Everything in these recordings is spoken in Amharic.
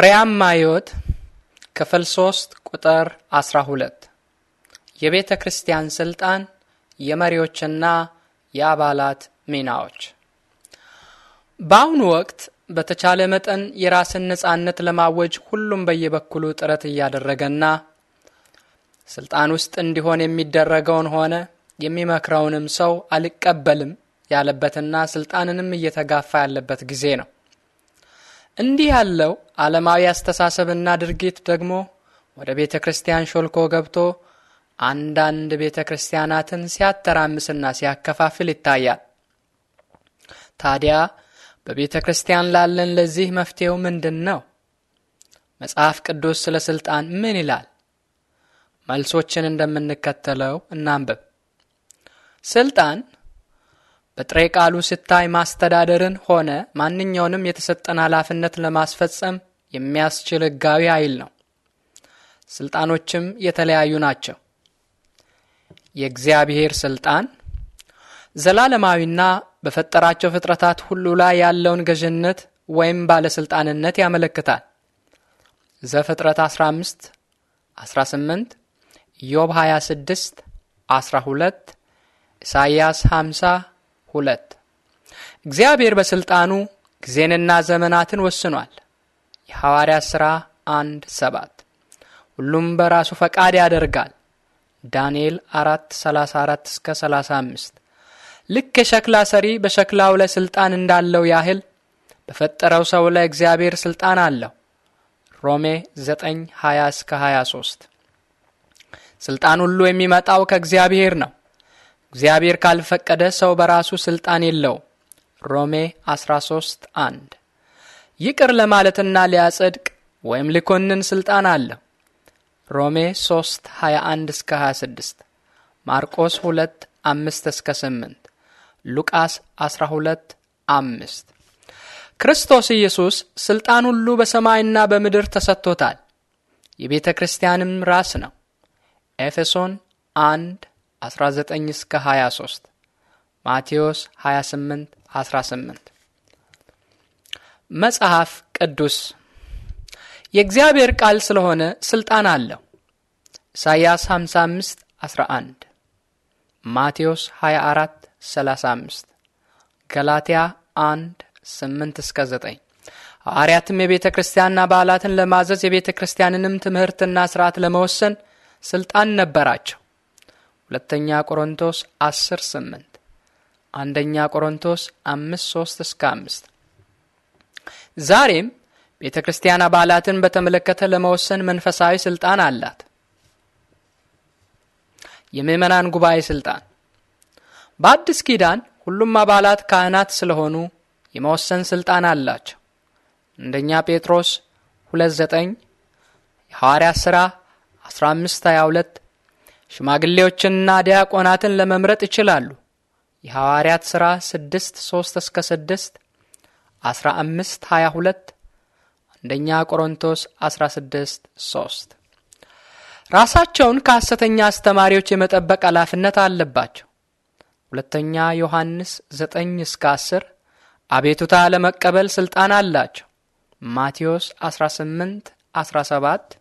ፍሬያማ ሕይወት ክፍል 3 ቁጥር 12 የቤተ ክርስቲያን ስልጣን፣ የመሪዎችና የአባላት ሚናዎች። በአሁኑ ወቅት በተቻለ መጠን የራስን ነጻነት ለማወጅ ሁሉም በየበኩሉ ጥረት እያደረገና ስልጣን ውስጥ እንዲሆን የሚደረገውን ሆነ የሚመክረውንም ሰው አልቀበልም ያለበትና ስልጣንንም እየተጋፋ ያለበት ጊዜ ነው። እንዲህ ያለው ዓለማዊ አስተሳሰብና ድርጊት ደግሞ ወደ ቤተ ክርስቲያን ሾልኮ ገብቶ አንዳንድ ቤተ ክርስቲያናትን ሲያተራምስና ሲያከፋፍል ይታያል። ታዲያ በቤተ ክርስቲያን ላለን ለዚህ መፍትሄው ምንድን ነው? መጽሐፍ ቅዱስ ስለ ሥልጣን ምን ይላል? መልሶችን እንደምንከተለው እናንብብ። ሥልጣን በጥሬ ቃሉ ስታይ ማስተዳደርን ሆነ ማንኛውንም የተሰጠን ኃላፊነት ለማስፈጸም የሚያስችል ሕጋዊ ኃይል ነው። ስልጣኖችም የተለያዩ ናቸው። የእግዚአብሔር ስልጣን ዘላለማዊና በፈጠራቸው ፍጥረታት ሁሉ ላይ ያለውን ገዥነት ወይም ባለስልጣንነት ያመለክታል። ዘፍጥረት 15 18 ኢዮብ 26 12 ኢሳይያስ 50 ሁለት እግዚአብሔር በስልጣኑ ጊዜንና ዘመናትን ወስኗል። የሐዋርያ ሥራ አንድ ሰባት ሁሉም በራሱ ፈቃድ ያደርጋል። ዳንኤል አራት ሰላሳ አራት እስከ ሰላሳ አምስት ልክ የሸክላ ሰሪ በሸክላው ላይ ሥልጣን እንዳለው ያህል በፈጠረው ሰው ላይ እግዚአብሔር ሥልጣን አለው። ሮሜ 9 20 እስከ 23 ሥልጣን ሁሉ የሚመጣው ከእግዚአብሔር ነው። እግዚአብሔር ካልፈቀደ ሰው በራሱ ስልጣን የለው። ሮሜ 13 1 ይቅር ለማለትና ሊያጸድቅ ወይም ሊኮንን ስልጣን አለው። ሮሜ 3 21 እስከ 26 ማርቆስ 2 5 እስከ 8 ሉቃስ 12 5 ክርስቶስ ኢየሱስ ስልጣን ሁሉ በሰማይና በምድር ተሰጥቶታል። የቤተ ክርስቲያንም ራስ ነው። ኤፌሶን 1 19 እስከ 23 ማቴዎስ 28 18 መጽሐፍ ቅዱስ የእግዚአብሔር ቃል ስለሆነ ስልጣን አለው። ኢሳይያስ 55 11 ማቴዎስ 24 35 ገላትያ 1 8 እስከ 9 ሐዋርያትም የቤተ ክርስቲያንና በዓላትን ለማዘዝ የቤተ ክርስቲያንንም ትምህርትና ስርዓት ለመወሰን ስልጣን ነበራቸው። ሁለተኛ ቆሮንቶስ 10 8 አንደኛ ቆሮንቶስ 5 3 እስከ 5 ዛሬም ቤተ ክርስቲያን አባላትን በተመለከተ ለመወሰን መንፈሳዊ ስልጣን አላት። የምእመናን ጉባኤ ስልጣን በአዲስ ኪዳን ሁሉም አባላት ካህናት ስለሆኑ የመወሰን ስልጣን አላቸው። አንደኛ ጴጥሮስ 29 9 የሐዋርያ ሥራ 15 22 ሽማግሌዎችንና ዲያቆናትን ለመምረጥ ይችላሉ። የሐዋርያት ሥራ 6 3 እስከ 6 15 22 አንደኛ ቆሮንቶስ 16 3 ራሳቸውን ከሐሰተኛ አስተማሪዎች የመጠበቅ ኃላፊነት አለባቸው። ሁለተኛ ዮሐንስ 9 እስከ 10 አቤቱታ ለመቀበል ሥልጣን አላቸው። ማቴዎስ 18 17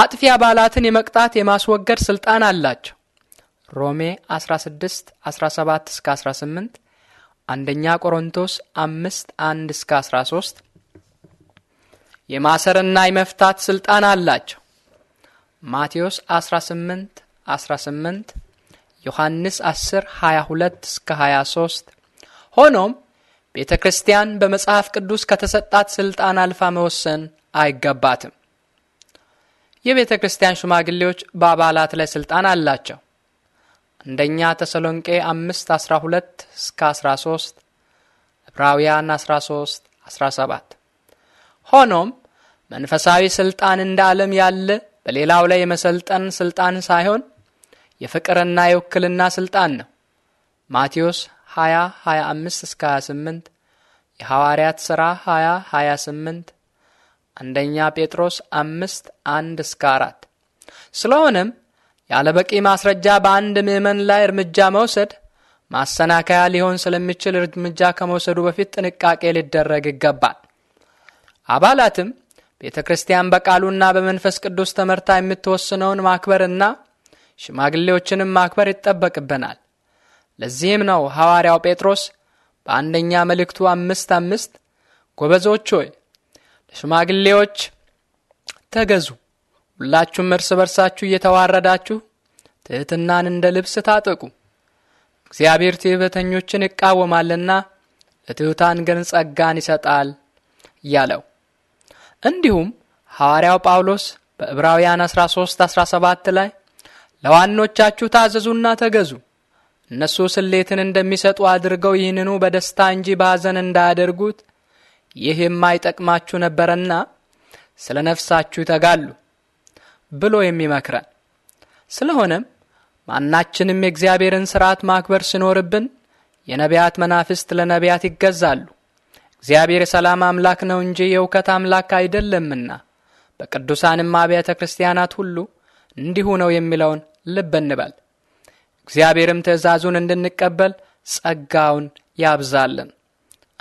አጥፊ አባላትን የመቅጣት የማስወገድ ስልጣን አላቸው። ሮሜ 16 17 እስከ 18 አንደኛ ቆሮንቶስ 5 1 እስከ 13 የማሰርና የመፍታት ስልጣን አላቸው። ማቴዎስ 18 18 ዮሐንስ 10 22 እስከ 23 ሆኖም ቤተ ክርስቲያን በመጽሐፍ ቅዱስ ከተሰጣት ስልጣን አልፋ መወሰን አይገባትም። የቤተ ክርስቲያን ሽማግሌዎች በአባላት ላይ ስልጣን አላቸው። አንደኛ ተሰሎንቄ 5 12 እስከ 13 ዕብራውያን 13 17 ሆኖም መንፈሳዊ ስልጣን እንደ ዓለም ያለ በሌላው ላይ የመሰልጠን ስልጣን ሳይሆን የፍቅርና የውክልና ስልጣን ነው። ማቴዎስ 20 25 እስከ 28 የሐዋርያት ሥራ 20 28 አንደኛ ጴጥሮስ አምስት አንድ እስከ አራት ስለሆነም ያለ በቂ ማስረጃ በአንድ ምዕመን ላይ እርምጃ መውሰድ ማሰናከያ ሊሆን ስለሚችል እርምጃ ከመውሰዱ በፊት ጥንቃቄ ሊደረግ ይገባል። አባላትም ቤተ ክርስቲያን በቃሉና በመንፈስ ቅዱስ ተመርታ የምትወስነውን ማክበርና ሽማግሌዎችንም ማክበር ይጠበቅብናል። ለዚህም ነው ሐዋርያው ጴጥሮስ በአንደኛ መልእክቱ አምስት አምስት ጎበዞች ሆይ ሽማግሌዎች ተገዙ፣ ሁላችሁም እርስ በርሳችሁ እየተዋረዳችሁ ትሕትናን እንደ ልብስ ታጠቁ። እግዚአብሔር ትዕቢተኞችን ይቃወማልና ለትሑታን ግን ጸጋን ይሰጣል ያለው። እንዲሁም ሐዋርያው ጳውሎስ በዕብራውያን 13 17 ላይ ለዋኖቻችሁ ታዘዙና ተገዙ፣ እነሱ ስሌትን እንደሚሰጡ አድርገው ይህንኑ በደስታ እንጂ በሐዘን እንዳያደርጉት ይህ የማይጠቅማችሁ ነበረና ስለ ነፍሳችሁ ይተጋሉ ብሎ የሚመክረን። ስለሆነም ማናችንም የእግዚአብሔርን ስርዓት ማክበር ሲኖርብን የነቢያት መናፍስት ለነቢያት ይገዛሉ። እግዚአብሔር የሰላም አምላክ ነው እንጂ የእውከት አምላክ አይደለምና በቅዱሳንም አብያተ ክርስቲያናት ሁሉ እንዲሁ ነው የሚለውን ልብ እንበል። እግዚአብሔርም ትእዛዙን እንድንቀበል ጸጋውን ያብዛልን።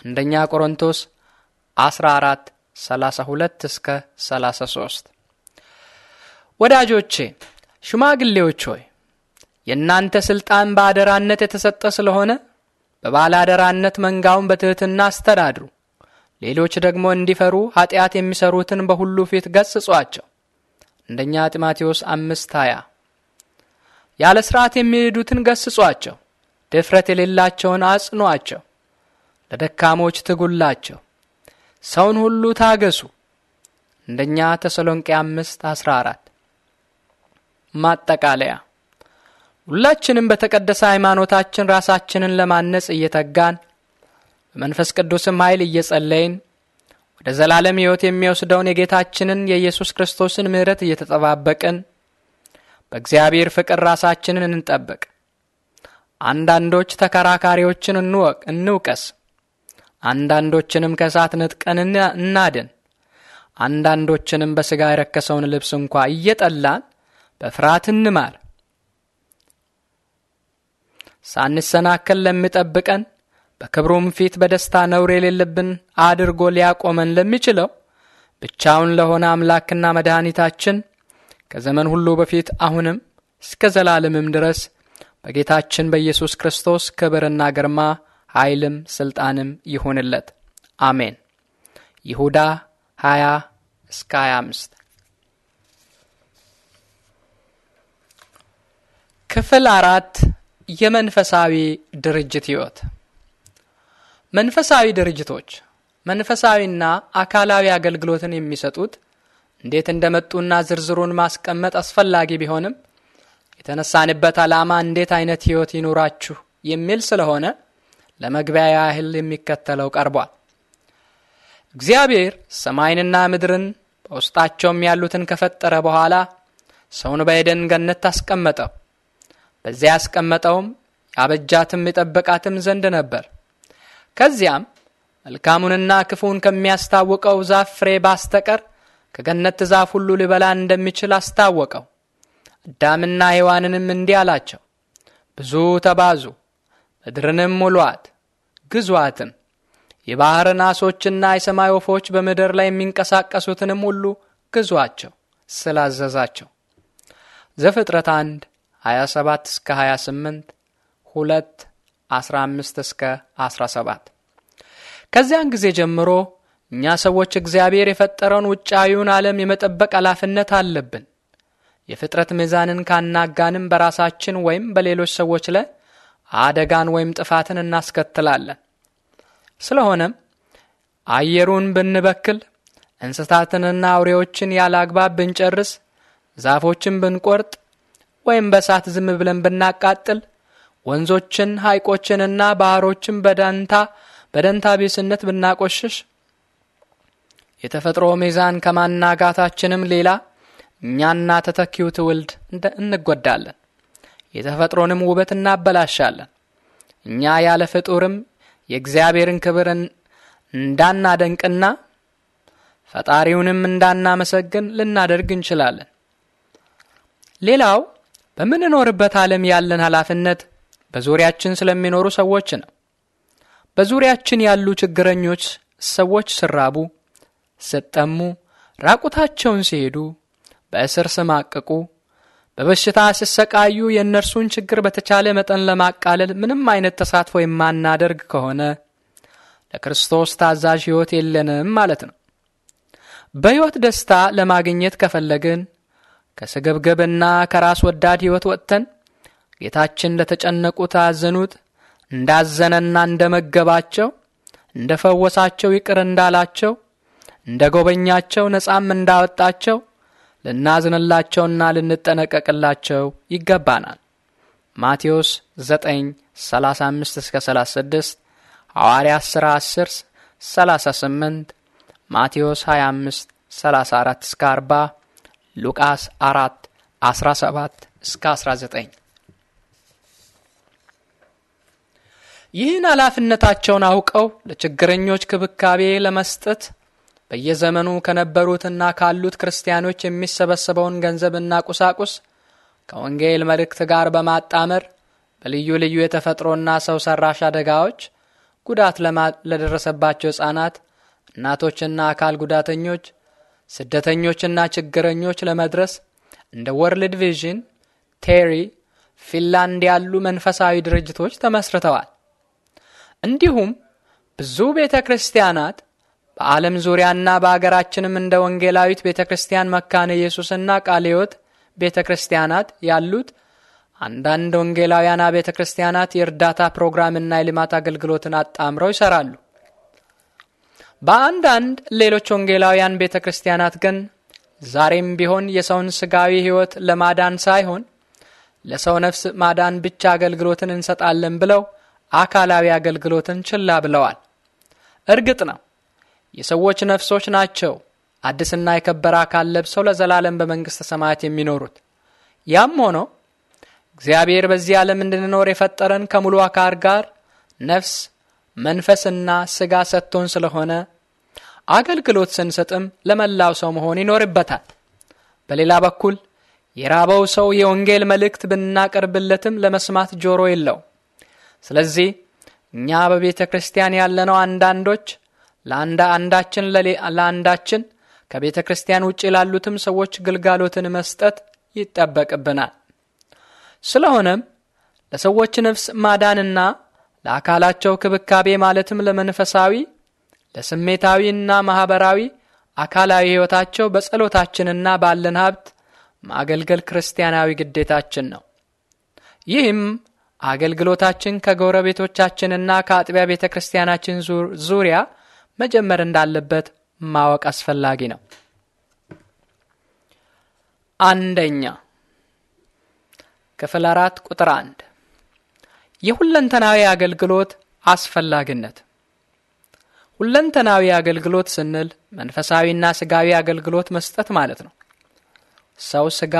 አንደኛ ቆሮንቶስ 14 32 እስከ 33 ወዳጆቼ ሽማግሌዎች ሆይ የእናንተ ሥልጣን በአደራነት የተሰጠ ስለሆነ በባለ አደራነት መንጋውን በትሕትና አስተዳድሩ። ሌሎች ደግሞ እንዲፈሩ ኃጢአት የሚሠሩትን በሁሉ ፊት ገስጿቸው። አንደኛ ጢሞቴዎስ አምስት ሃያ ያለ ሥርዓት የሚሄዱትን ገስጿቸው፣ ድፍረት የሌላቸውን አጽኗቸው፣ ለደካሞች ትጉላቸው። ሰውን ሁሉ ታገሱ። አንደኛ ተሰሎንቄ አምስት አስራ አራት ማጠቃለያ ሁላችንም በተቀደሰ ሃይማኖታችን ራሳችንን ለማነጽ እየተጋን በመንፈስ ቅዱስም ኃይል እየጸለይን ወደ ዘላለም ሕይወት የሚወስደውን የጌታችንን የኢየሱስ ክርስቶስን ምሕረት እየተጠባበቅን በእግዚአብሔር ፍቅር ራሳችንን እንጠብቅ። አንዳንዶች ተከራካሪዎችን እንወቅ እንውቀስ አንዳንዶችንም ከእሳት ንጥቀን እናድን። አንዳንዶችንም በሥጋ የረከሰውን ልብስ እንኳ እየጠላን በፍርሃት እንማር። ሳንሰናከል ለሚጠብቀን በክብሩም ፊት በደስታ ነውር የሌለብን አድርጎ ሊያቆመን ለሚችለው ብቻውን ለሆነ አምላክና መድኃኒታችን ከዘመን ሁሉ በፊት አሁንም እስከ ዘላለምም ድረስ በጌታችን በኢየሱስ ክርስቶስ ክብርና ግርማ ኃይልም ስልጣንም ይሆንለት አሜን። ይሁዳ 20 እስከ 25 ክፍል አራት የመንፈሳዊ ድርጅት ህይወት። መንፈሳዊ ድርጅቶች መንፈሳዊና አካላዊ አገልግሎትን የሚሰጡት እንዴት እንደመጡና ዝርዝሩን ማስቀመጥ አስፈላጊ ቢሆንም የተነሳንበት ዓላማ እንዴት አይነት ህይወት ይኑራችሁ የሚል ስለሆነ ለመግቢያ ያህል የሚከተለው ቀርቧል። እግዚአብሔር ሰማይንና ምድርን በውስጣቸውም ያሉትን ከፈጠረ በኋላ ሰውን በኤደን ገነት አስቀመጠው። በዚያ ያስቀመጠውም ያበጃትም የጠበቃትም ዘንድ ነበር። ከዚያም መልካሙንና ክፉውን ከሚያስታውቀው ዛፍ ፍሬ ባስተቀር ከገነት ዛፍ ሁሉ ሊበላ እንደሚችል አስታወቀው። አዳምና ሔዋንንም እንዲህ አላቸው፣ ብዙ ተባዙ ምድርንም ሙሏት ግዟትም። የባሕርን ዓሦችና የሰማይ ወፎች በምድር ላይ የሚንቀሳቀሱትንም ሁሉ ግዟቸው ስላዘዛቸው ዘፍጥረት 1 27 እስከ 28 2 15 እስከ 17 ከዚያን ጊዜ ጀምሮ እኛ ሰዎች እግዚአብሔር የፈጠረውን ውጫዊውን ዓለም የመጠበቅ ኃላፊነት አለብን። የፍጥረት ሚዛንን ካናጋንም በራሳችን ወይም በሌሎች ሰዎች ላይ አደጋን ወይም ጥፋትን እናስከትላለን። ስለሆነም አየሩን ብንበክል፣ እንስሳትንና አውሬዎችን ያለ አግባብ ብንጨርስ፣ ዛፎችን ብንቆርጥ ወይም በሳት ዝም ብለን ብናቃጥል፣ ወንዞችን ሐይቆችንና ባህሮችን በደንታ በደንታ ቢስነት ብናቆሽሽ የተፈጥሮ ሚዛን ከማናጋታችንም ሌላ እኛና ተተኪው ትውልድ እንጎዳለን። የተፈጥሮንም ውበት እናበላሻለን። እኛ ያለ ፍጡርም የእግዚአብሔርን ክብር እንዳናደንቅና ፈጣሪውንም እንዳናመሰግን ልናደርግ እንችላለን። ሌላው በምንኖርበት ዓለም ያለን ኃላፊነት በዙሪያችን ስለሚኖሩ ሰዎች ነው። በዙሪያችን ያሉ ችግረኞች ሰዎች ስራቡ፣ ስጠሙ፣ ራቁታቸውን ሲሄዱ፣ በእስር ስማቅቁ በበሽታ ሲሰቃዩ የእነርሱን ችግር በተቻለ መጠን ለማቃለል ምንም አይነት ተሳትፎ የማናደርግ ከሆነ ለክርስቶስ ታዛዥ ሕይወት የለንም ማለት ነው። በሕይወት ደስታ ለማግኘት ከፈለግን ከስግብግብና ከራስ ወዳድ ሕይወት ወጥተን ጌታችን ለተጨነቁት፣ አዘኑት እንዳዘነና እንደመገባቸው እንደ ፈወሳቸው፣ ይቅር እንዳላቸው፣ እንደ ጎበኛቸው፣ ነጻም እንዳወጣቸው ልናዝንላቸውና ልንጠነቀቅላቸው ይገባናል። ማቴዎስ 9 35 እስከ 36 ሐዋርያ 10 10 38 ማቴዎስ 25 34 እስከ 40 ሉቃስ 4 17 እስከ 19 ይህን ኃላፊነታቸውን አውቀው ለችግረኞች ክብካቤ ለመስጠት በየዘመኑ ከነበሩትና ካሉት ክርስቲያኖች የሚሰበሰበውን ገንዘብና ቁሳቁስ ከወንጌል መልእክት ጋር በማጣመር በልዩ ልዩ የተፈጥሮና ሰው ሰራሽ አደጋዎች ጉዳት ለደረሰባቸው ሕፃናት፣ እናቶችና አካል ጉዳተኞች፣ ስደተኞችና ችግረኞች ለመድረስ እንደ ወርልድ ቪዥን፣ ቴሪ፣ ፊንላንድ ያሉ መንፈሳዊ ድርጅቶች ተመስርተዋል። እንዲሁም ብዙ ቤተ ክርስቲያናት በዓለም ዙሪያና በአገራችንም እንደ ወንጌላዊት ቤተ ክርስቲያን መካነ ኢየሱስና ቃለ ሕይወት ቤተ ክርስቲያናት ያሉት አንዳንድ ወንጌላውያን ቤተ ክርስቲያናት የእርዳታ ፕሮግራምና የልማት አገልግሎትን አጣምረው ይሰራሉ። በአንዳንድ ሌሎች ወንጌላውያን ቤተ ክርስቲያናት ግን ዛሬም ቢሆን የሰውን ስጋዊ ሕይወት ለማዳን ሳይሆን ለሰው ነፍስ ማዳን ብቻ አገልግሎትን እንሰጣለን ብለው አካላዊ አገልግሎትን ችላ ብለዋል። እርግጥ ነው የሰዎች ነፍሶች ናቸው አዲስና የከበረ አካል ለብሰው ለዘላለም በመንግሥተ ሰማያት የሚኖሩት። ያም ሆኖ እግዚአብሔር በዚህ ዓለም እንድንኖር የፈጠረን ከሙሉ አካል ጋር ነፍስ፣ መንፈስና ሥጋ ሰጥቶን ስለሆነ አገልግሎት ስንሰጥም ለመላው ሰው መሆን ይኖርበታል። በሌላ በኩል የራበው ሰው የወንጌል መልእክት ብናቀርብለትም ለመስማት ጆሮ የለው። ስለዚህ እኛ በቤተ ክርስቲያን ያለነው አንዳንዶች ለአንዳ አንዳችን ለአንዳችን ከቤተ ክርስቲያን ውጭ ላሉትም ሰዎች ግልጋሎትን መስጠት ይጠበቅብናል። ስለሆነም ለሰዎች ነፍስ ማዳንና ለአካላቸው ክብካቤ ማለትም ለመንፈሳዊ፣ ለስሜታዊና ማኅበራዊ አካላዊ ሕይወታቸው በጸሎታችንና ባለን ሀብት ማገልገል ክርስቲያናዊ ግዴታችን ነው። ይህም አገልግሎታችን ከጎረቤቶቻችንና ከአጥቢያ ቤተ ክርስቲያናችን ዙሪያ መጀመር እንዳለበት ማወቅ አስፈላጊ ነው። አንደኛ ክፍል አራት ቁጥር አንድ የሁለንተናዊ አገልግሎት አስፈላጊነት። ሁለንተናዊ አገልግሎት ስንል መንፈሳዊና ስጋዊ አገልግሎት መስጠት ማለት ነው። ሰው ስጋ፣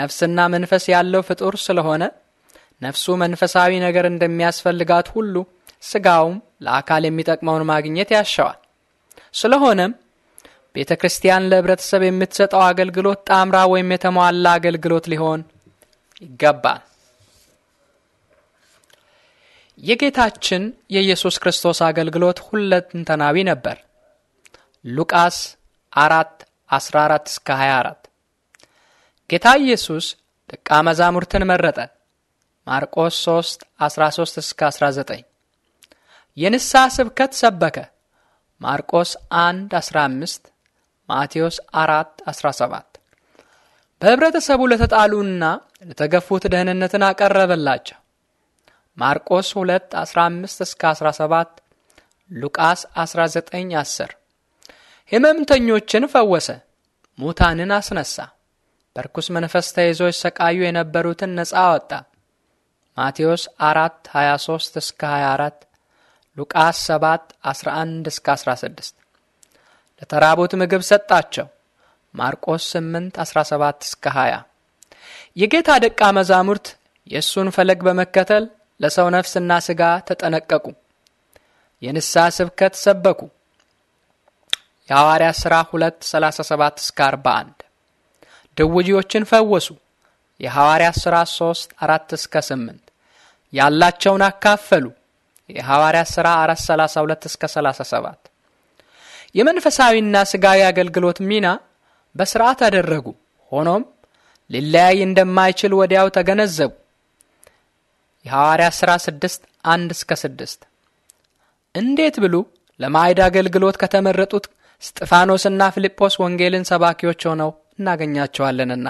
ነፍስና መንፈስ ያለው ፍጡር ስለሆነ ነፍሱ መንፈሳዊ ነገር እንደሚያስፈልጋት ሁሉ ስጋውም ለአካል የሚጠቅመውን ማግኘት ያሻዋል። ስለሆነም ቤተ ክርስቲያን ለህብረተሰብ የምትሰጠው አገልግሎት ጣምራ ወይም የተሟላ አገልግሎት ሊሆን ይገባል። የጌታችን የኢየሱስ ክርስቶስ አገልግሎት ሁለንተናዊ ነበር። ሉቃስ 4 14 እስከ 24 ጌታ ኢየሱስ ደቀ መዛሙርትን መረጠ። ማርቆስ 3 13 እስከ 19 የንስሐ ስብከት ሰበከ ማርቆስ 1 15 ማቴዎስ 4 17 በህብረተሰቡ ለተጣሉና ለተገፉት ደህንነትን አቀረበላቸው። ማርቆስ 2 15 እስከ 17 ሉቃስ 19 10 ህመምተኞችን ፈወሰ፣ ሙታንን አስነሳ፣ በርኩስ መንፈስ ተይዘው ይሰቃዩ የነበሩትን ነፃ አወጣ። ማቴዎስ 4 23 እስከ 24 ሉቃስ 7 11 እስከ 16 ለተራቡት ምግብ ሰጣቸው። ማርቆስ 8 17 እስከ 20 የጌታ ደቀ መዛሙርት የእሱን ፈለግ በመከተል ለሰው ነፍስና ሥጋ ተጠነቀቁ። የንስሐ ስብከት ሰበኩ። የሐዋርያ ሥራ 2 37 እስከ 41 ድውጆችን ፈወሱ። የሐዋርያ ሥራ 3 4 እስከ 8 ያላቸውን አካፈሉ። የሐዋርያት ሥራ 432 እስከ 37 የመንፈሳዊና ሥጋዊ አገልግሎት ሚና በሥርዓት አደረጉ። ሆኖም ሊለያይ እንደማይችል ወዲያው ተገነዘቡ። የሐዋርያት ሥራ 6 1 እስከ 6 እንዴት ብሉ ለማዕድ አገልግሎት ከተመረጡት ስጢፋኖስና ፊልጶስ ወንጌልን ሰባኪዎች ሆነው እናገኛቸዋለንና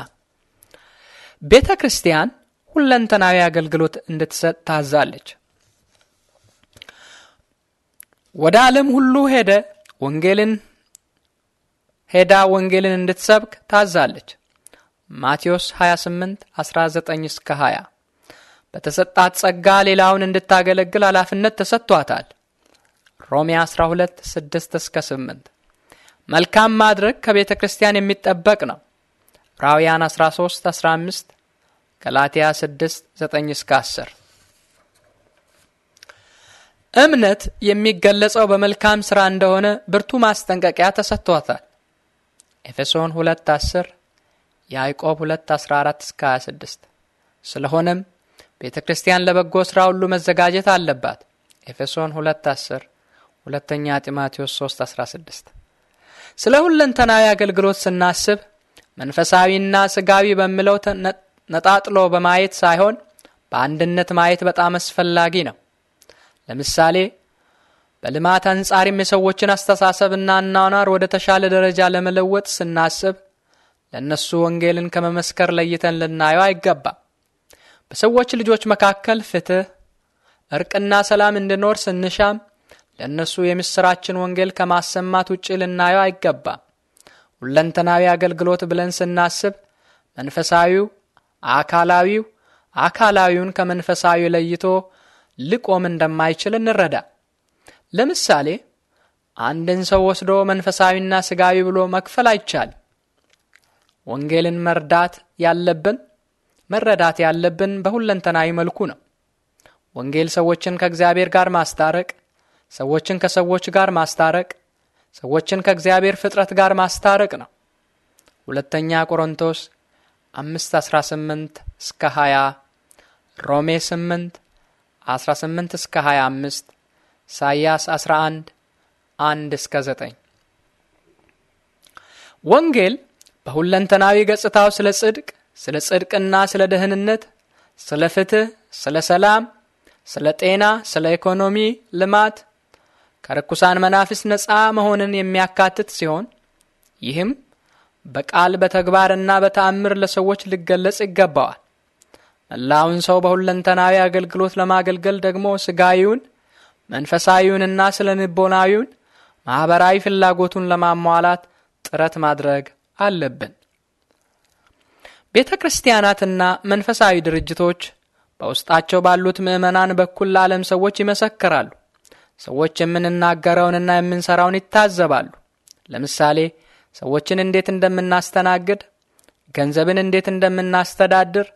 ቤተ ክርስቲያን ሁለንተናዊ አገልግሎት እንድትሰጥ ታዛለች። ወደ ዓለም ሁሉ ሄደ ወንጌልን ሄዳ ወንጌልን እንድትሰብክ ታዛለች። ማቴዎስ 28 19 እስከ 20 በተሰጣት ጸጋ ሌላውን እንድታገለግል ኃላፊነት ተሰጥቷታል። ሮሜ 12 6 እስከ 8 መልካም ማድረግ ከቤተ ክርስቲያን የሚጠበቅ ነው። ራውያን 13 15 ገላትያ 6 9 እስከ 10 እምነት የሚገለጸው በመልካም ሥራ እንደሆነ ብርቱ ማስጠንቀቂያ ተሰጥቷታል። ኤፌሶን 2:10 ያዕቆብ 2:14 እስከ 26። ስለሆነም ቤተ ክርስቲያን ለበጎ ሥራ ሁሉ መዘጋጀት አለባት። ኤፌሶን 2:10 ሁለተኛ ጢሞቴዎስ 3:16። ስለ ሁለንተናዊ አገልግሎት ስናስብ መንፈሳዊና ስጋዊ በሚለው ነጣጥሎ በማየት ሳይሆን በአንድነት ማየት በጣም አስፈላጊ ነው። ለምሳሌ በልማት አንጻርም የሰዎችን አስተሳሰብና አኗኗር ወደ ተሻለ ደረጃ ለመለወጥ ስናስብ ለእነሱ ወንጌልን ከመመስከር ለይተን ልናየው አይገባም። በሰዎች ልጆች መካከል ፍትህ፣ እርቅና ሰላም እንዲኖር ስንሻም ለእነሱ የምሥራችን ወንጌል ከማሰማት ውጭ ልናየው አይገባም። ሁለንተናዊ አገልግሎት ብለን ስናስብ መንፈሳዊው፣ አካላዊው አካላዊውን ከመንፈሳዊ ለይቶ ልቆም እንደማይችል እንረዳ። ለምሳሌ አንድን ሰው ወስዶ መንፈሳዊና ስጋዊ ብሎ መክፈል አይቻል። ወንጌልን መርዳት ያለብን መረዳት ያለብን በሁለንተናዊ መልኩ ነው። ወንጌል ሰዎችን ከእግዚአብሔር ጋር ማስታረቅ፣ ሰዎችን ከሰዎች ጋር ማስታረቅ፣ ሰዎችን ከእግዚአብሔር ፍጥረት ጋር ማስታረቅ ነው። ሁለተኛ ቆሮንቶስ 5:18 እስከ 20፣ ሮሜ 8 18 እስከ 25 ኢሳይያስ 11 1 እስከ 9 ወንጌል በሁለንተናዊ ገጽታው ስለ ጽድቅ፣ ስለ ጽድቅና ስለ ደህንነት፣ ስለ ፍትህ፣ ስለ ሰላም፣ ስለ ጤና፣ ስለ ኢኮኖሚ ልማት ከርኩሳን መናፍስ ነፃ መሆንን የሚያካትት ሲሆን ይህም በቃል በተግባርና በተአምር ለሰዎች ሊገለጽ ይገባዋል። መላውን ሰው በሁለንተናዊ አገልግሎት ለማገልገል ደግሞ ስጋዊውን መንፈሳዊውንና ስለ ንቦናዊውን ማኅበራዊ ፍላጎቱን ለማሟላት ጥረት ማድረግ አለብን። ቤተ ክርስቲያናትና መንፈሳዊ ድርጅቶች በውስጣቸው ባሉት ምዕመናን በኩል ለዓለም ሰዎች ይመሰክራሉ። ሰዎች የምንናገረውንና የምንሰራውን ይታዘባሉ። ለምሳሌ ሰዎችን እንዴት እንደምናስተናግድ፣ ገንዘብን እንዴት እንደምናስተዳድር፣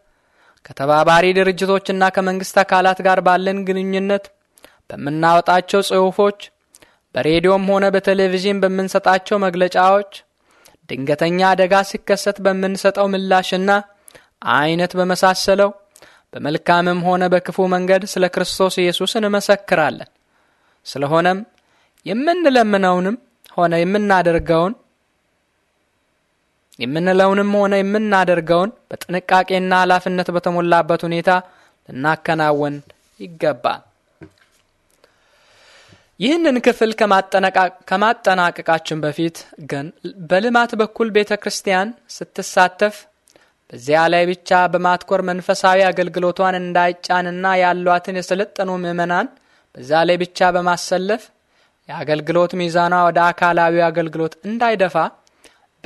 ከተባባሪ ድርጅቶችና ከመንግስት አካላት ጋር ባለን ግንኙነት በምናወጣቸው ጽሑፎች በሬዲዮም ሆነ በቴሌቪዥን በምንሰጣቸው መግለጫዎች ድንገተኛ አደጋ ሲከሰት በምንሰጠው ምላሽና አይነት በመሳሰለው በመልካምም ሆነ በክፉ መንገድ ስለ ክርስቶስ ኢየሱስ እንመሰክራለን። ስለሆነም የምንለምነውንም ሆነ የምናደርገውን የምንለውንም ሆነ የምናደርገውን በጥንቃቄና ኃላፊነት በተሞላበት ሁኔታ ልናከናወን ይገባል። ይህንን ክፍል ከማጠናቀቃችን በፊት ግን በልማት በኩል ቤተ ክርስቲያን ስትሳተፍ በዚያ ላይ ብቻ በማትኮር መንፈሳዊ አገልግሎቷን እንዳይጫንና ያሏትን የሰለጠኑ ምዕመናን በዛ ላይ ብቻ በማሰለፍ የአገልግሎት ሚዛኗ ወደ አካላዊ አገልግሎት እንዳይደፋ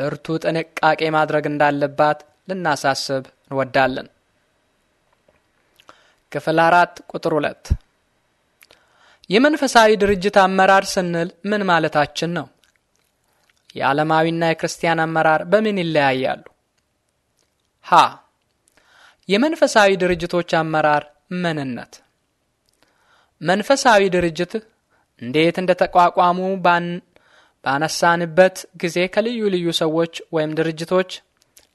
ብርቱ ጥንቃቄ ማድረግ እንዳለባት ልናሳስብ እንወዳለን። ክፍል አራት ቁጥር ሁለት የመንፈሳዊ ድርጅት አመራር ስንል ምን ማለታችን ነው? የዓለማዊና የክርስቲያን አመራር በምን ይለያያሉ? ሀ የመንፈሳዊ ድርጅቶች አመራር ምንነት መንፈሳዊ ድርጅት እንዴት እንደተቋቋሙ ባነሳንበት ጊዜ ከልዩ ልዩ ሰዎች ወይም ድርጅቶች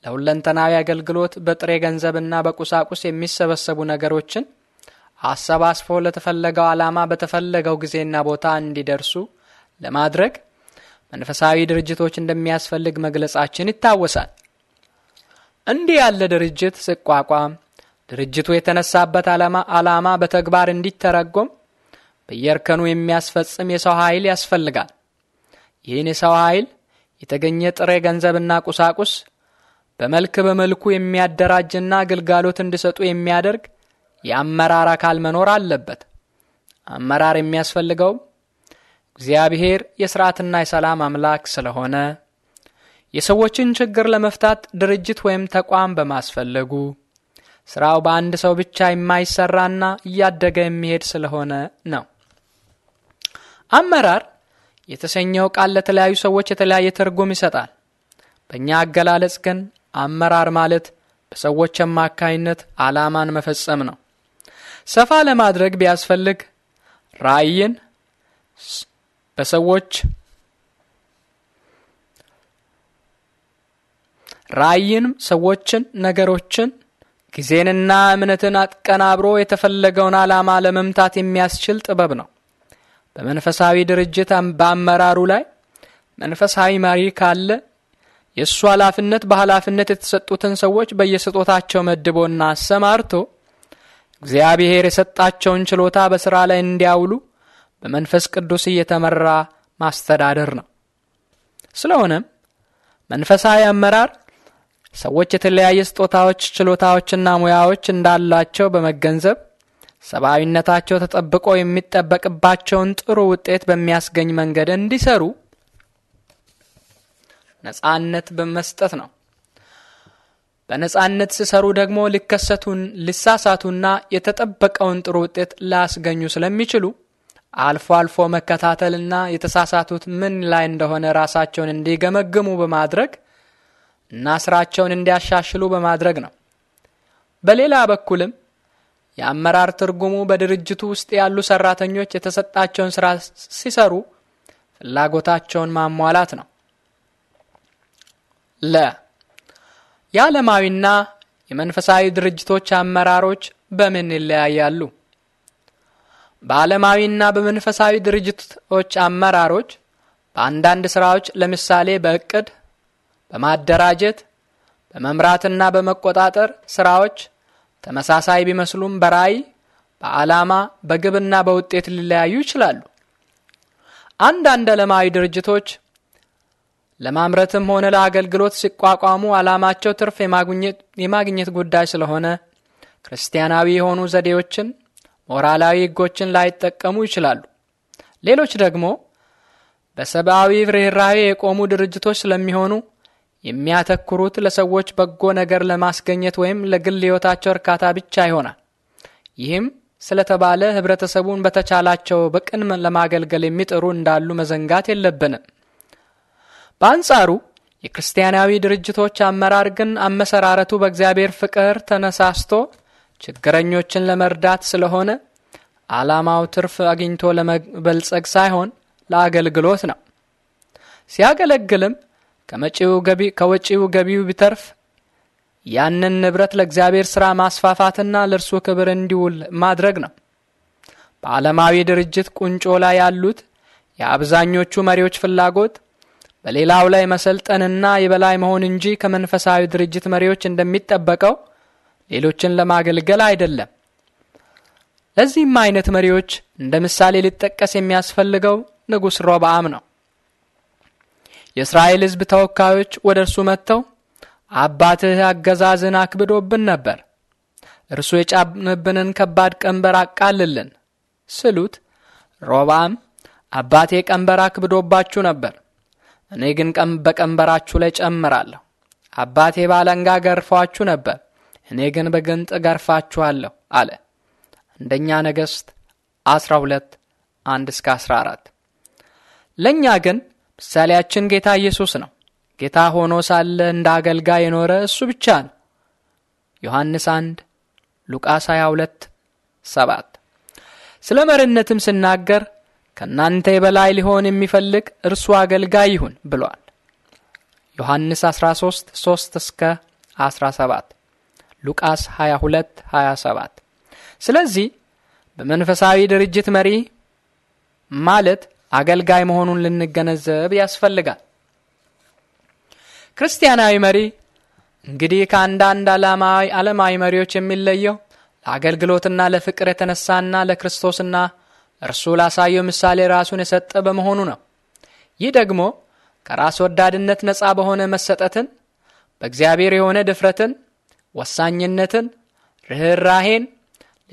ለሁለንተናዊ አገልግሎት በጥሬ ገንዘብና በቁሳቁስ የሚሰበሰቡ ነገሮችን አሰባስፎ ለተፈለገው ዓላማ በተፈለገው ጊዜና ቦታ እንዲደርሱ ለማድረግ መንፈሳዊ ድርጅቶች እንደሚያስፈልግ መግለጻችን ይታወሳል። እንዲህ ያለ ድርጅት ሲቋቋም ድርጅቱ የተነሳበት ዓላማ ዓላማ በተግባር እንዲተረጎም በየእርከኑ የሚያስፈጽም የሰው ኃይል ያስፈልጋል። ይህን የሰው ኃይል የተገኘ ጥሬ ገንዘብና ቁሳቁስ በመልክ በመልኩ የሚያደራጅና አገልጋሎት እንዲሰጡ የሚያደርግ የአመራር አካል መኖር አለበት። አመራር የሚያስፈልገው እግዚአብሔር የሥርዓትና የሰላም አምላክ ስለሆነ የሰዎችን ችግር ለመፍታት ድርጅት ወይም ተቋም በማስፈለጉ ስራው በአንድ ሰው ብቻ የማይሰራና እያደገ የሚሄድ ስለሆነ ነው። አመራር የተሰኘው ቃል ለተለያዩ ሰዎች የተለያየ ትርጉም ይሰጣል። በእኛ አገላለጽ ግን አመራር ማለት በሰዎች አማካይነት ዓላማን መፈጸም ነው። ሰፋ ለማድረግ ቢያስፈልግ ራእይን በሰዎች ራእይን ሰዎችን፣ ነገሮችን፣ ጊዜንና እምነትን አቀናብሮ የተፈለገውን ዓላማ ለመምታት የሚያስችል ጥበብ ነው። በመንፈሳዊ ድርጅት በአመራሩ ላይ መንፈሳዊ መሪ ካለ የእሱ ኃላፊነት በኃላፊነት የተሰጡትን ሰዎች በየስጦታቸው መድቦና አሰማርቶ እግዚአብሔር የሰጣቸውን ችሎታ በሥራ ላይ እንዲያውሉ በመንፈስ ቅዱስ እየተመራ ማስተዳደር ነው። ስለሆነም መንፈሳዊ አመራር ሰዎች የተለያየ ስጦታዎች፣ ችሎታዎችና ሙያዎች እንዳላቸው በመገንዘብ ሰብአዊነታቸው ተጠብቆ የሚጠበቅባቸውን ጥሩ ውጤት በሚያስገኝ መንገድ እንዲሰሩ ነጻነት በመስጠት ነው። በነጻነት ሲሰሩ ደግሞ ሊከሰቱን ሊሳሳቱና የተጠበቀውን ጥሩ ውጤት ላያስገኙ ስለሚችሉ አልፎ አልፎ መከታተልና የተሳሳቱት ምን ላይ እንደሆነ ራሳቸውን እንዲገመግሙ በማድረግ እና ስራቸውን እንዲያሻሽሉ በማድረግ ነው። በሌላ በኩልም የአመራር ትርጉሙ በድርጅቱ ውስጥ ያሉ ሰራተኞች የተሰጣቸውን ስራ ሲሰሩ ፍላጎታቸውን ማሟላት ነው። ለ የዓለማዊና የመንፈሳዊ ድርጅቶች አመራሮች በምን ይለያያሉ? በዓለማዊና በመንፈሳዊ ድርጅቶች አመራሮች በአንዳንድ ስራዎች ለምሳሌ በእቅድ፣ በማደራጀት፣ በመምራትና በመቆጣጠር ስራዎች ተመሳሳይ ቢመስሉም በራእይ በዓላማ በግብና በውጤት ሊለያዩ ይችላሉ። አንዳንድ ዓለማዊ ድርጅቶች ለማምረትም ሆነ ለአገልግሎት ሲቋቋሙ ዓላማቸው ትርፍ የማግኘት ጉዳይ ስለሆነ ክርስቲያናዊ የሆኑ ዘዴዎችን፣ ሞራላዊ ሕጎችን ላይጠቀሙ ይችላሉ። ሌሎች ደግሞ በሰብአዊ ርኅራኄ የቆሙ ድርጅቶች ስለሚሆኑ የሚያተኩሩት ለሰዎች በጎ ነገር ለማስገኘት ወይም ለግል ሕይወታቸው እርካታ ብቻ ይሆናል። ይህም ስለተባለ ህብረተሰቡን በተቻላቸው በቅን ለማገልገል የሚጥሩ እንዳሉ መዘንጋት የለብንም። በአንጻሩ የክርስቲያናዊ ድርጅቶች አመራር ግን አመሰራረቱ በእግዚአብሔር ፍቅር ተነሳስቶ ችግረኞችን ለመርዳት ስለሆነ ዓላማው ትርፍ አግኝቶ ለመበልጸግ ሳይሆን ለአገልግሎት ነው። ሲያገለግልም ከመጪው ገቢ ከወጪው ገቢው ቢተርፍ ያንን ንብረት ለእግዚአብሔር ሥራ ማስፋፋትና ለእርሱ ክብር እንዲውል ማድረግ ነው። በዓለማዊ ድርጅት ቁንጮ ላይ ያሉት የአብዛኞቹ መሪዎች ፍላጎት በሌላው ላይ መሰልጠንና የበላይ መሆን እንጂ ከመንፈሳዊ ድርጅት መሪዎች እንደሚጠበቀው ሌሎችን ለማገልገል አይደለም። ለዚህም አይነት መሪዎች እንደ ምሳሌ ሊጠቀስ የሚያስፈልገው ንጉሥ ሮብዓም ነው። የእስራኤል ሕዝብ ተወካዮች ወደ እርሱ መጥተው አባትህ አገዛዝን አክብዶብን ነበር፣ እርሱ የጫንብንን ከባድ ቀንበር አቃልልን ስሉት ሮባም አባቴ ቀንበር አክብዶባችሁ ነበር፣ እኔ ግን በቀንበራችሁ ላይ ጨምራለሁ። አባቴ ባለንጋ ገርፏችሁ ነበር፣ እኔ ግን በግንጥ ገርፋችኋለሁ አለ። አንደኛ ነገሥት 12 1 እስከ 14 ለእኛ ግን ምሳሌያችን ጌታ ኢየሱስ ነው። ጌታ ሆኖ ሳለ እንደ አገልጋይ የኖረ እሱ ብቻ ነው። ዮሐንስ 1 ሉቃስ 22 7 ስለ መርነትም ስናገር ከእናንተ የበላይ ሊሆን የሚፈልግ እርሱ አገልጋይ ይሁን ብሏል። ዮሐንስ 13 3 እስከ 17 ሉቃስ 22 27 ስለዚህ በመንፈሳዊ ድርጅት መሪ ማለት አገልጋይ መሆኑን ልንገነዘብ ያስፈልጋል። ክርስቲያናዊ መሪ እንግዲህ ከአንዳንድ ዓለማዊ መሪዎች የሚለየው ለአገልግሎትና ለፍቅር የተነሳና ለክርስቶስና እርሱ ላሳየው ምሳሌ ራሱን የሰጠ በመሆኑ ነው። ይህ ደግሞ ከራስ ወዳድነት ነፃ በሆነ መሰጠትን፣ በእግዚአብሔር የሆነ ድፍረትን፣ ወሳኝነትን፣ ርኅራሄን፣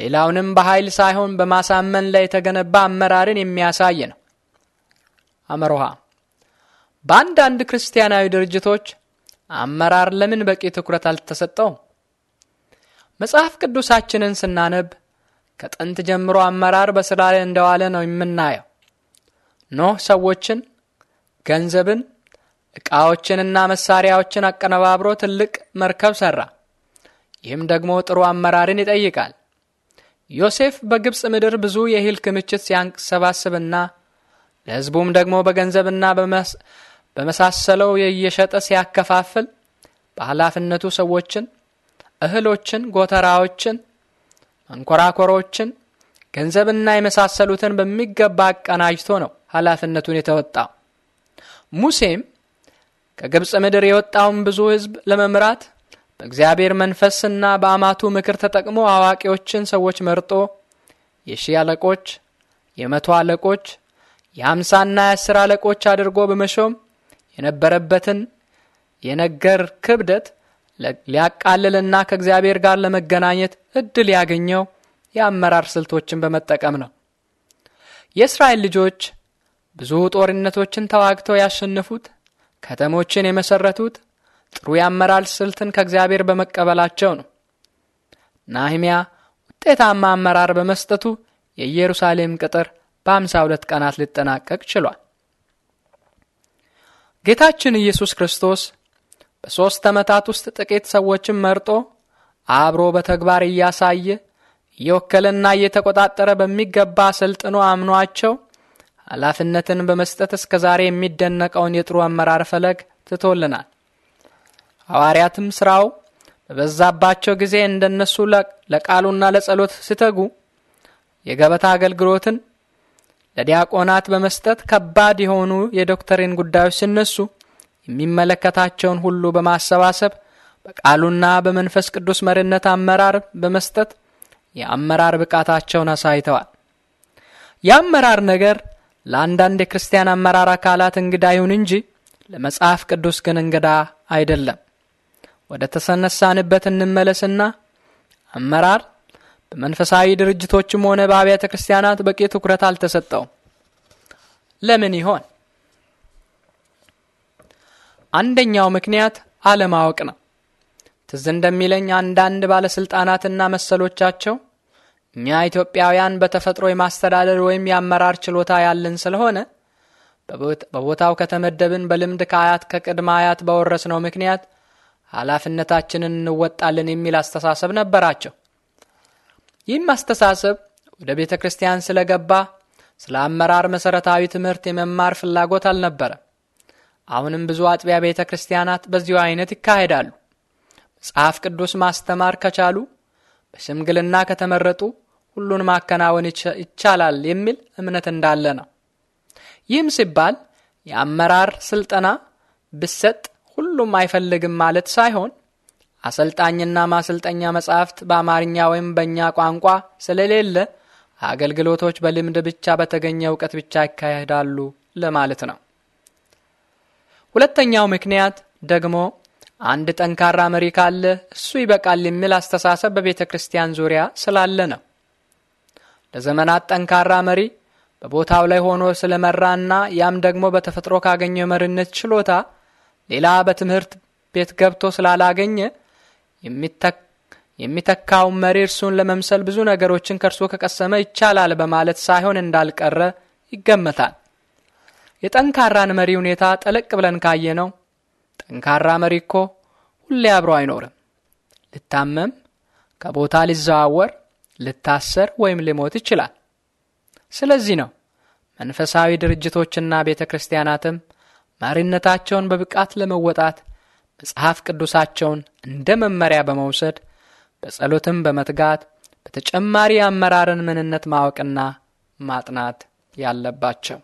ሌላውንም በኃይል ሳይሆን በማሳመን ላይ የተገነባ አመራርን የሚያሳይ ነው። አመሮሃ በአንዳንድ ክርስቲያናዊ ድርጅቶች አመራር ለምን በቂ ትኩረት አልተሰጠው? መጽሐፍ ቅዱሳችንን ስናነብ ከጥንት ጀምሮ አመራር በስራ ላይ እንደዋለ ነው የምናየው። ኖህ ሰዎችን፣ ገንዘብን፣ ዕቃዎችንና መሳሪያዎችን አቀነባብሮ ትልቅ መርከብ ሠራ። ይህም ደግሞ ጥሩ አመራርን ይጠይቃል። ዮሴፍ በግብፅ ምድር ብዙ የእህል ክምችት ሲያሰባስብና ። ለሕዝቡም ደግሞ በገንዘብና በመሳሰለው እየሸጠ ሲያከፋፍል በኃላፊነቱ ሰዎችን፣ እህሎችን፣ ጎተራዎችን፣ መንኮራኮሮችን፣ ገንዘብና የመሳሰሉትን በሚገባ አቀናጅቶ ነው ኃላፊነቱን የተወጣው። ሙሴም ከግብፅ ምድር የወጣውን ብዙ ሕዝብ ለመምራት በእግዚአብሔር መንፈስና በአማቱ ምክር ተጠቅሞ አዋቂዎችን ሰዎች መርጦ የሺ አለቆች፣ የመቶ አለቆች የአምሳና የአስር አለቆች አድርጎ በመሾም የነበረበትን የነገር ክብደት ሊያቃልልና ከእግዚአብሔር ጋር ለመገናኘት እድል ያገኘው የአመራር ስልቶችን በመጠቀም ነው። የእስራኤል ልጆች ብዙ ጦርነቶችን ተዋግተው ያሸነፉት፣ ከተሞችን የመሰረቱት ጥሩ የአመራር ስልትን ከእግዚአብሔር በመቀበላቸው ነው። ናህሚያ ውጤታማ አመራር በመስጠቱ የኢየሩሳሌም ቅጥር በ52 ቀናት ሊጠናቀቅ ችሏል። ጌታችን ኢየሱስ ክርስቶስ በሦስት ዓመታት ውስጥ ጥቂት ሰዎችን መርጦ አብሮ በተግባር እያሳየ እየወከለና እየተቆጣጠረ በሚገባ አሰልጥኖ አምኗቸው ኃላፊነትን በመስጠት እስከ ዛሬ የሚደነቀውን የጥሩ አመራር ፈለግ ትቶልናል። ሐዋርያትም ሥራው በበዛባቸው ጊዜ እንደነሱ ለቃሉና ለጸሎት ሲተጉ የገበታ አገልግሎትን ለዲያቆናት በመስጠት ከባድ የሆኑ የዶክተሪን ጉዳዮች ሲነሱ የሚመለከታቸውን ሁሉ በማሰባሰብ በቃሉና በመንፈስ ቅዱስ መሪነት አመራር በመስጠት የአመራር ብቃታቸውን አሳይተዋል። የአመራር ነገር ለአንዳንድ የክርስቲያን አመራር አካላት እንግዳ ይሁን እንጂ ለመጽሐፍ ቅዱስ ግን እንግዳ አይደለም። ወደ ተሰነሳንበት እንመለስና አመራር መንፈሳዊ ድርጅቶችም ሆነ በአብያተ ክርስቲያናት በቂ ትኩረት አልተሰጠውም። ለምን ይሆን? አንደኛው ምክንያት አለማወቅ ነው። ትዝ እንደሚለኝ አንዳንድ ባለሥልጣናትና መሰሎቻቸው እኛ ኢትዮጵያውያን በተፈጥሮ የማስተዳደር ወይም የአመራር ችሎታ ያለን ስለሆነ በቦታው ከተመደብን በልምድ ከአያት ከቅድመ አያት በወረስነው ምክንያት ኃላፊነታችንን እንወጣለን የሚል አስተሳሰብ ነበራቸው። ይህም አስተሳሰብ ወደ ቤተ ክርስቲያን ስለገባ ስለ አመራር መሠረታዊ ትምህርት የመማር ፍላጎት አልነበረም። አሁንም ብዙ አጥቢያ ቤተ ክርስቲያናት በዚሁ አይነት ይካሄዳሉ። መጽሐፍ ቅዱስ ማስተማር ከቻሉ በሽምግልና ከተመረጡ ሁሉን ማከናወን ይቻላል የሚል እምነት እንዳለ ነው። ይህም ሲባል የአመራር ስልጠና ብሰጥ ሁሉም አይፈልግም ማለት ሳይሆን አሰልጣኝና ማሰልጠኛ መጻሕፍት በአማርኛ ወይም በእኛ ቋንቋ ስለሌለ አገልግሎቶች በልምድ ብቻ በተገኘ እውቀት ብቻ ይካሄዳሉ ለማለት ነው። ሁለተኛው ምክንያት ደግሞ አንድ ጠንካራ መሪ ካለ እሱ ይበቃል የሚል አስተሳሰብ በቤተ ክርስቲያን ዙሪያ ስላለ ነው። ለዘመናት ጠንካራ መሪ በቦታው ላይ ሆኖ እና ያም ደግሞ በተፈጥሮ ካገኘው የመሪነት ችሎታ ሌላ በትምህርት ቤት ገብቶ ስላላገኘ የሚተካውን መሪ እርሱን ለመምሰል ብዙ ነገሮችን ከእርሱ ከቀሰመ ይቻላል በማለት ሳይሆን እንዳልቀረ ይገመታል። የጠንካራን መሪ ሁኔታ ጠለቅ ብለን ካየ ነው ጠንካራ መሪ እኮ ሁሌ አብሮ አይኖርም። ልታመም፣ ከቦታ ሊዘዋወር፣ ልታሰር ወይም ሊሞት ይችላል። ስለዚህ ነው መንፈሳዊ ድርጅቶችና ቤተ ክርስቲያናትም መሪነታቸውን በብቃት ለመወጣት መጽሐፍ ቅዱሳቸውን እንደ መመሪያ በመውሰድ በጸሎትም በመትጋት በተጨማሪ አመራርን ምንነት ማወቅና ማጥናት ያለባቸው